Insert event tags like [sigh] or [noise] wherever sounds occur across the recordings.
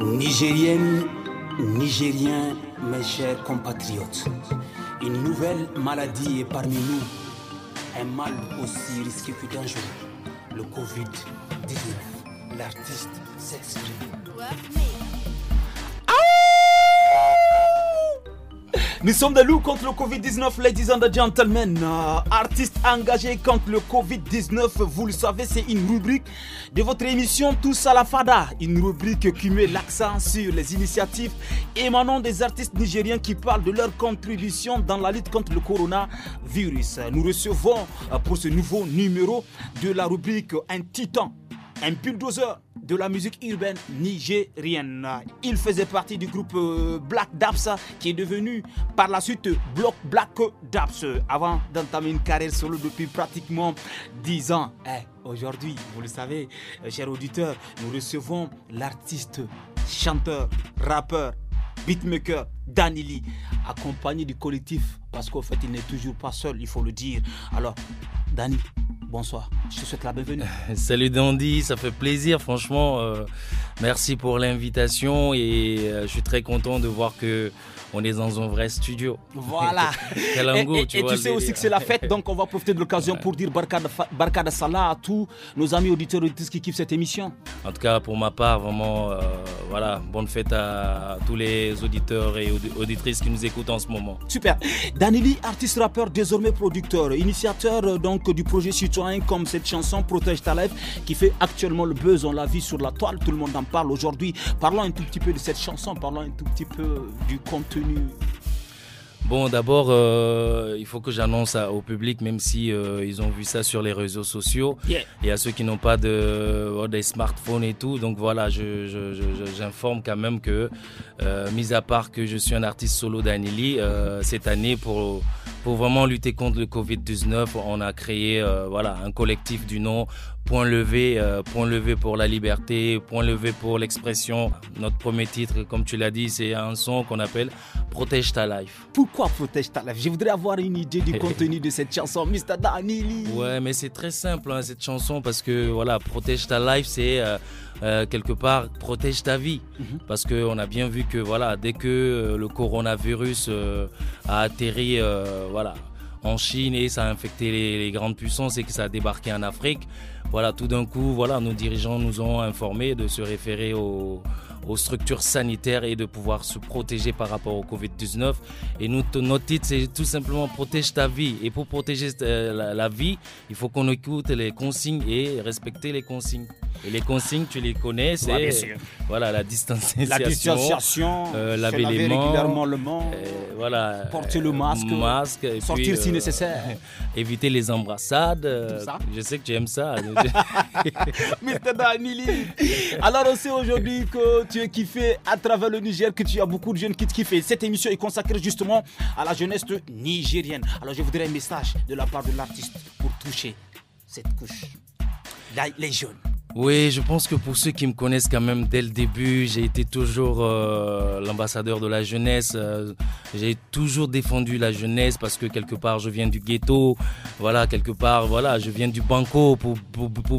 Nigérienne, Nigérien, mes chers compatriotes, une nouvelle maladie est parmi nous, un mal aussi risqué que dangereux, le Covid-19. L'artiste s'exprime. Nous sommes de loups contre le Covid-19, ladies and gentlemen. Euh, artistes engagés contre le Covid-19, vous le savez, c'est une rubrique de votre émission Tous à la Fada. Une rubrique qui met l'accent sur les initiatives émanant des artistes nigériens qui parlent de leur contribution dans la lutte contre le coronavirus. Nous recevons euh, pour ce nouveau numéro de la rubrique Un titan un bulldozer de la musique urbaine nigérienne. Il faisait partie du groupe euh, Black Daps qui est devenu par la suite Block Black Daps avant d'entamer une carrière solo depuis pratiquement 10 ans. et eh, Aujourd'hui, vous le savez, euh, chers auditeurs, nous recevons l'artiste, chanteur, rappeur, beatmaker danili accompagné du collectif, parce qu'en fait, il n'est toujours pas seul, il faut le dire. Alors, Dani, bonsoir. Je te souhaite la bienvenue. Euh, salut Dandy, ça fait plaisir, franchement. Euh, Merci pour l'invitation et euh, je suis très content de voir que on est dans un vrai studio. Voilà. [laughs] Quel et, et, tu, sais aussi que c'est la fête, donc on va profiter de l'occasion pour dire Barcade Salah à tous nos amis auditeurs et auditrices qui kiffent cette émission. En tout cas, pour ma part, vraiment, euh, voilà, bonne fête à tous les auditeurs et auditrices qui nous écoutent en ce moment. Super. Danili, artiste rappeur, désormais producteur, initiateur euh, donc du projet citoyen comme cette chanson Protège ta life qui fait actuellement le buzz, en l'a vie sur la toile, tout le monde en parle aujourd'hui. Parlons un tout petit peu de cette chanson, parlons un tout petit peu du contenu. Bon, d'abord, euh, il faut que j'annonce au public, même si euh, ils ont vu ça sur les réseaux sociaux. et Il y a ceux qui n'ont pas de euh, des smartphones et tout. Donc voilà, je, j'informe quand même que, mis à part que je suis un artiste solo d'Anili, cette année pour pour vraiment lutter contre le Covid-19, on a créé euh, voilà, un collectif du nom Point levé, euh, point levé pour la liberté, point levé pour l'expression. Notre premier titre, comme tu l'as dit, c'est un son qu'on appelle Protège ta life. Pourquoi Protège ta life Je voudrais avoir une idée du [laughs] contenu de cette chanson, Mr. Danili. Ouais, mais c'est très simple hein, cette chanson parce que voilà, Protège ta life, c'est euh, quelque part protège ta vie mhm. parce qu'on a bien vu que voilà, dès que le coronavirus a atterri voilà, en Chine et ça a infecté les, grandes puissances et que ça a débarqué en Afrique. Voilà, tout d'un coup, voilà, nos dirigeants nous ont informés de se référer aux aux structures sanitaires et de pouvoir se protéger par rapport au Covid-19. Et nous, notre titre, c'est tout simplement protège ta vie. Et pour protéger euh, la, vie, il faut qu'on écoute les consignes et respecter les consignes. Et les consignes, tu les connais, bah, c'est voilà la distanciation, la euh, laver, les mains, régulièrement le euh, voilà, porter le masque, sortir si nécessaire, [laughs] éviter les embrassades. Je sais que tu aimes ça. [laughs] [laughs] Mr. Danili. Alors aussi aujourd'hui que tu qui fait à travers le Niger, que tu as beaucoup de jeunes qui te kiffent. Cette émission est consacrée justement à la jeunesse nigérienne. Alors je voudrais un message de la part de l'artiste pour toucher cette couche. les jeunes. Oui, je pense que pour ceux qui me connaissent quand même dès le début, j'ai été toujours euh, l'ambassadeur de la jeunesse. Euh, j'ai toujours défendu la jeunesse parce que quelque part je viens du ghetto, voilà quelque part voilà je viens du banco pour,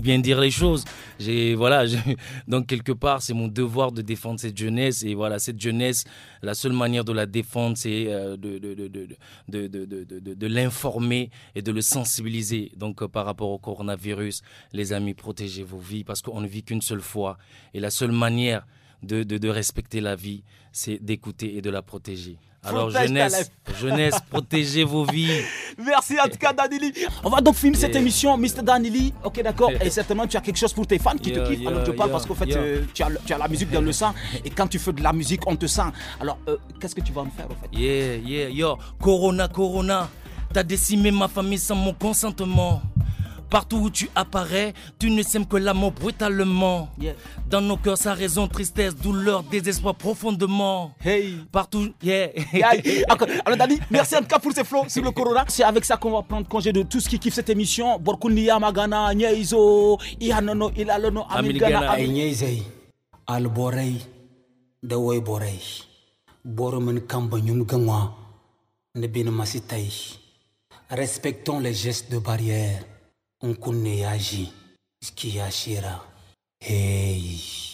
bien dire les choses. J'ai voilà [laughs] donc quelque part c'est mon devoir de défendre cette jeunesse et voilà cette jeunesse la seule manière de la défendre c'est euh, de de, de, de, de, de l'informer et de le sensibiliser. Donc par rapport au coronavirus, les amis protégez vos vies parce qu'on ne vit qu'une seule fois. Et la seule manière de, respecter la vie, c'est d'écouter et de la protéger. Alors jeunesse, [laughs] jeunesse, protégez vos vies. Merci en tout cas Danili. On va donc finir cette émission, Mr Danili. Ok d'accord. Et certainement tu as quelque chose pour tes fans qui te kiffent. alors je parle parce qu'en fait euh, tu, as, la musique dans le sang et quand tu fais de la musique on te sent. Alors euh, qu'est-ce que tu vas me faire en fait Yeah yeah yo Corona Corona, t'as décimé ma famille sans mon consentement. Partout où tu apparais, tu ne sèmes que l'amour brutalement. Dans nos cœurs, ça raison, tristesse, douleur, désespoir profondément. Hey. Partout, yeah. [laughs] Alors, Dani, merci en tout cas pour ces flots sur le Corona. C'est avec ça qu'on va prendre congé de tout ce qui kiffe cette émission. Magana, Nyeizo, Ihanono, Ilalono, Alborei, Borei, Respectons les gestes de barrière. in kunne ya ji, iski ya shera, hey.